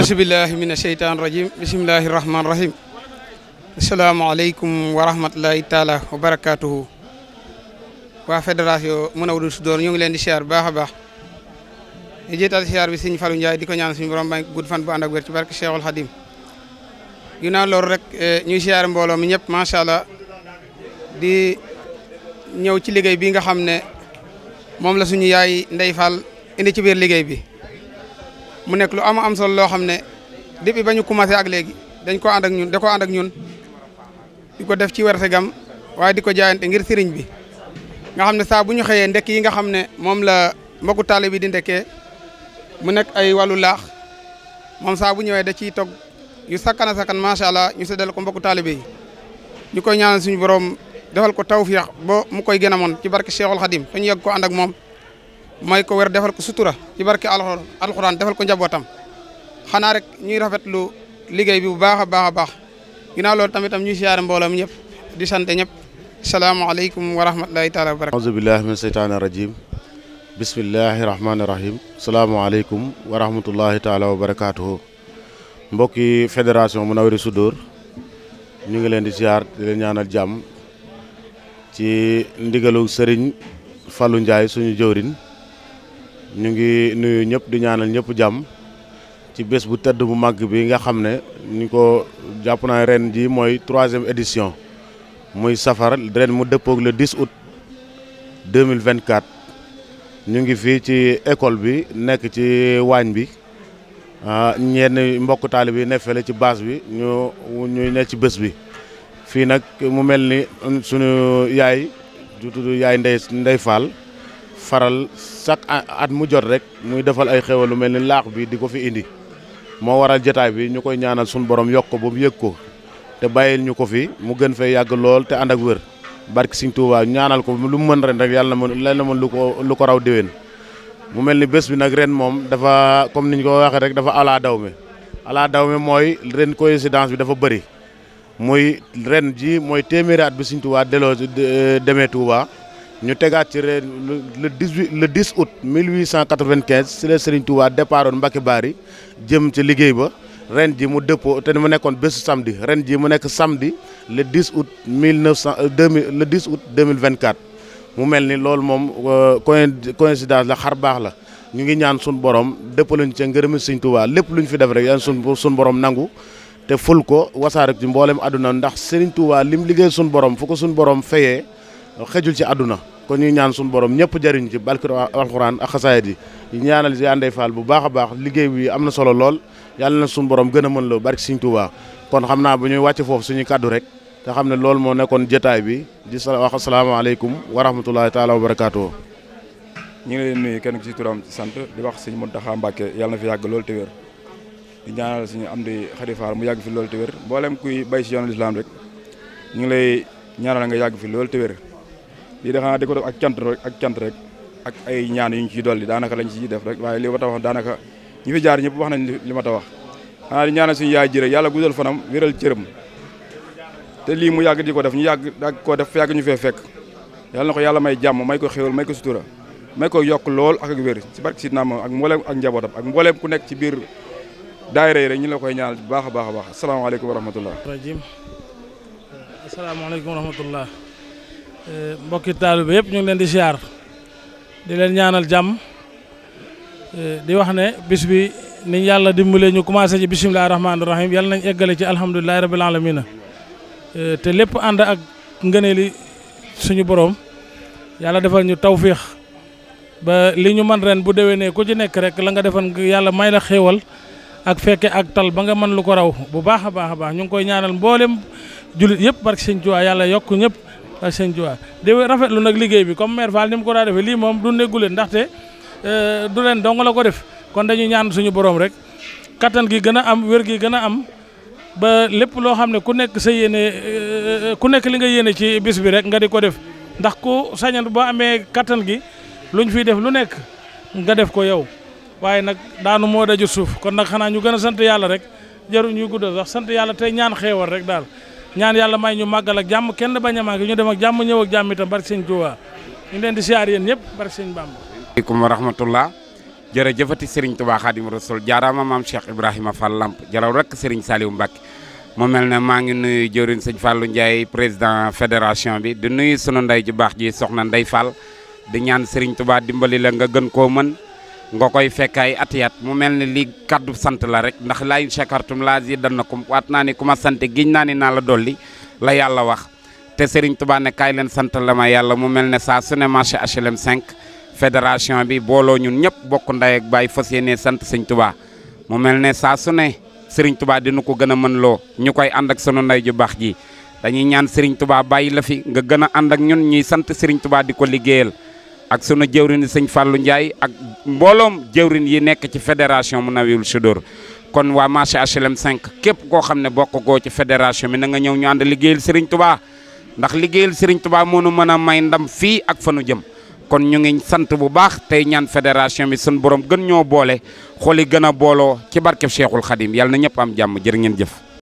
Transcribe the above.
asibillahi min asheytan rajim bisimillahi rahman rahim asalaamaaleykum wa rahmatulahi taala wa barakatuhu waa fédération Mounawirou Soudour ñu ngi leen di siyaar bu baax a baax ñu si siyaar bi sëñ Fallou di ko ñaan suñu borom ba gudd fan bu ànd ak wér ci barke Cheikhul Khadim ginnaaw loolu rek eh, ñuy siyaar mbooloo mi ñëpp macha allah di ñëw ci liggéey bi nga xam ne moom la suñu yaay Ndey Fall indi ci biir liggéey bi mu nekk lu am am solo loo xam ne depuis ba ñu commencé ak léegi dañ ko ànd ñun da ko ànd ak ñun di ko def ci werte gam waaye di ko jaayante ngir sëriñ bi nga xam ne saa bu ñu xëyee ndekk yi nga xam ne moom la mbokku taale bi di ndekkee mu nekk ay wàllu laax moom saabu bu ñëwee da ciy toog yu sakkan a sakkan macha allah ñu séddale ko mbokku taalibe yi ñu koy ñaanal suñu borom defal ko tawfiix ba mu koy gën a moon ci barke Cheikhul Khadim dañu yegg ko ànd moom may ko wér defal ko sutura ci barke alquran defal ko njabotam xana rek ñuy rafetlu liggéey bi bu baaxa baaxa baax a baax tamitam ñuy siyaare mbolam ñep di ñep assalamu alaykum wa rahmatullahi taala wa barakatuh a'udhu billahi minash shaitani rajim bismillahir rahmanir rahim alaykum wa rahmatullahi taala wa mbokki sudur ñu ngi leen di siyaar di leen ñaanal jamm ci ndigalou serigne Fallou Ndiaye suñu ñu ngi nuyu ñëpp di ñaanal ñëpp jàmm ci bés bu tedd bu màgg bi nga xam ne ñu ko jàpp naa ren ji mooy troisième édition muy safar ren mu dëppoog le 10 août 2024 ñu ngi fii ci école bi nekk ci waañ bi ah, ñenn mbokk taali bi ne fele ci baas bi ñu ñuy ne ci bés bi fii nag mu mel ni um, suñu yaay ju tudd yaay Ndey Ndey faral chaque at mu jot rek muy defal ay xewal lu mel ni laax bi di ko fi indi moo waral jotaay bi ñu koy ñaanal suñu borom yokk ko ba mu yëg ko te bàyyil ñu ko fi mu gën fay yàgg lool te ànd ak wér barki Sëñ Tuubaa ñaanal ko lu mu mën ren rek yàlla mën yàlla mën lu ko lu ko raw déwén. mu mel ni bés bi nag ren moom dafa comme ni ñu ko waxee rek dafa ala daw mi mooy ren coïncidence bi dafa bari muy ren ji mooy téeméeri at bi Sëñ Tuubaa delloo demee Tuubaa ñu téga ci le 18 le 10 août 1895 ci le Serigne Touba départoon Mbacke Bari jëm ci liggéey ba ren ji mu dëppoo te mu nekkoon bëss samedi ren ji mu nék samedi le 10 août 1900 2000 euh, le 10 août 2024 mu melni lool mom euh, coïncidence la xar bax la ñu ngi ñaan suñu borom dëppaluñ ci ngërëmi Serigne Touba lepp luñ fi def rek ya suñ suñu borom nangu té ful ko wasaare ci mboolem aduna ndax Serigne Touba lim liggéey suñu borom fuko ko suñu borom fayé xejul ci aduna kon ñuy ñaan suñu borom ñëpp jëriñ ci barke alxuraan ak xasaayit yi yi ñaanal si ànday faal bu baax a baax liggéey bi am na solo lool yàlla na suñu boroom gën a mën loo barke Sëriñ Tuubaa kon xam naa bu ñuy wàcc foofu suñu kàddu rek te xam ne loolu moo nekkoon jotaay bi di sa wax asalaamaaleykum wa rahmatulahi taala wa barakaatu ñu ngi leen nuyu kenn ku sant di wax Sëriñ Muntaxa Mbàkke yàlla na fi yàgg loolu te wér di suñu am di xarifaar mu yàgg fi loolu te wér kuy bay si yoonu lislaam ñu ngi lay ñaanal nga yàgg fi lool te wér lii dafa di ko def ak cant rek ak cant rek ak ay ñaan yu ñu ciy dolli daanaka lañ ciy def rek waaye li ma ta wax daanaka ñi fi jaar ñëpp wax nañ li ma ta wax xanaa di ñaanal suñu yaay ji rek yàlla guddal fanam wéral cërëm te lii mu yàgg di ko def ñu yàgg yàgg koo def yàgg ñu fe fekk yàlla na ko yàlla may jàmm may ko xéwal may ko sutura may ko yokk lool ak ak wér ci barke sidna ma ak mbooleem ak njabootam ak mbooleem ku nekk ci biir daayira yi rek ñu la koy ñaanal bu baax baax a baax asalaamaaleykum wa rahmatullah rajim asalaamaaleykum wa rahmatullah Eh, mbokki taalibe yëpp ñu ngi leen di ziar di leen ñaanal jam eh, di wax ne bis bi ni yalla dimbalé ñu commencé ci bismillahir rahmanir rahim yalla nañ eggale ci alhamdulilahi rabil alamin eh, té lépp and ak ngeeneli suñu borom yalla defal ñu tawfiq ba li ñu man ren bu déwénee ku ci nekk rek la nga defan yalla may la xéewal ak féké ak tal ba nga man lu ko raw bu baaxa baaxa baax ñu ngi koy ñaanal mbolém julit yépp barké señ yalla yokku ñëpp ak sëñ Tuubaa di nag liggéey bi comme maire Fall ni mu ko daa defee lii moom du negguleen ndaxte euh, du leen dong la ko def kon dañuy ñaan suñu borom rek kattan gi gën a am wér gi gën a am ba lépp loo xam ne ku nekk sa yéene euh, ku nekk li nga yéene ci bis bi rek nga di ko def ndax ku sañan boo amee kattan gi luñ fiy def lu nekk nga def ko yow waaye nag daanu moo daju suuf kon nag xanaa ñu gën a sant yàlla rek jaru ñuy guddal sax sant yàlla tey ñaan xeewal rek daal ñaan yàlla may ñu màggal ak jàmm kenn bañ a màgg ñu dem ak jàmm ñëw ak jàmm itam barke sëñ Tuubaa ñu leen di siyaar yéen ñëpp barke sëñ Bàmba. aleykum wa rahmatullah jërëjëfati Serigne Touba Khadim Rasoul jaaraama maam Cheikh Ibrahima Fall Lamp jaraw rek Serigne Saliou Mbacke moo mel ne maa ngi nuyu jëriñ sëñ Fallou Ndiaye président fédération bi di nuyu sunu ndey ju baax ji soxna Ndey Fall di ñaan Serigne Touba dimbali la nga gën koo mën nga koy fekkaay ay atiyat mu mel ne lii kàddu sant la rek ndax laa in shakartum laa zidannakum waat naa ni ku ma sant giñ naa ni naa la dolli la yàlla wax te Serigne tubaa ne kaay leen sant la ma yàlla mu mel ne saa su ne marché HLM 5 fédération bi booloo ñun ñëpp bokk ndey ak baay fas yéene sant sëñ tubaa mu mel ne saa su ne Serigne tubaa dina ko gën a mën loo ñu koy ànd ak sunu ndey ju baax ji dañuy ñaan Serigne tubaa bàyyi la fi nga gën a ànd ak ñun ñuy sant Serigne Touba di ko liggéeyal ak sunu jëwrin seigne fallu ndjay ak mbolom jëwrin yi nek ci fédération Munawirul Sudur kon wa marché HLM 5 kep ko xamne bokko go ci federation mi na nga ñew ñu and liggéeyal Serigne Touba ndax liggéeyal Serigne Touba moo nu may ndam fi ak fanu jëm kon ñu ngi sante bu baax tay ñaan federation mi sun borom gën ñoo boole xoli gëna bolo ci barke Cheikhul Khadim yalla na am jamm jeer ngeen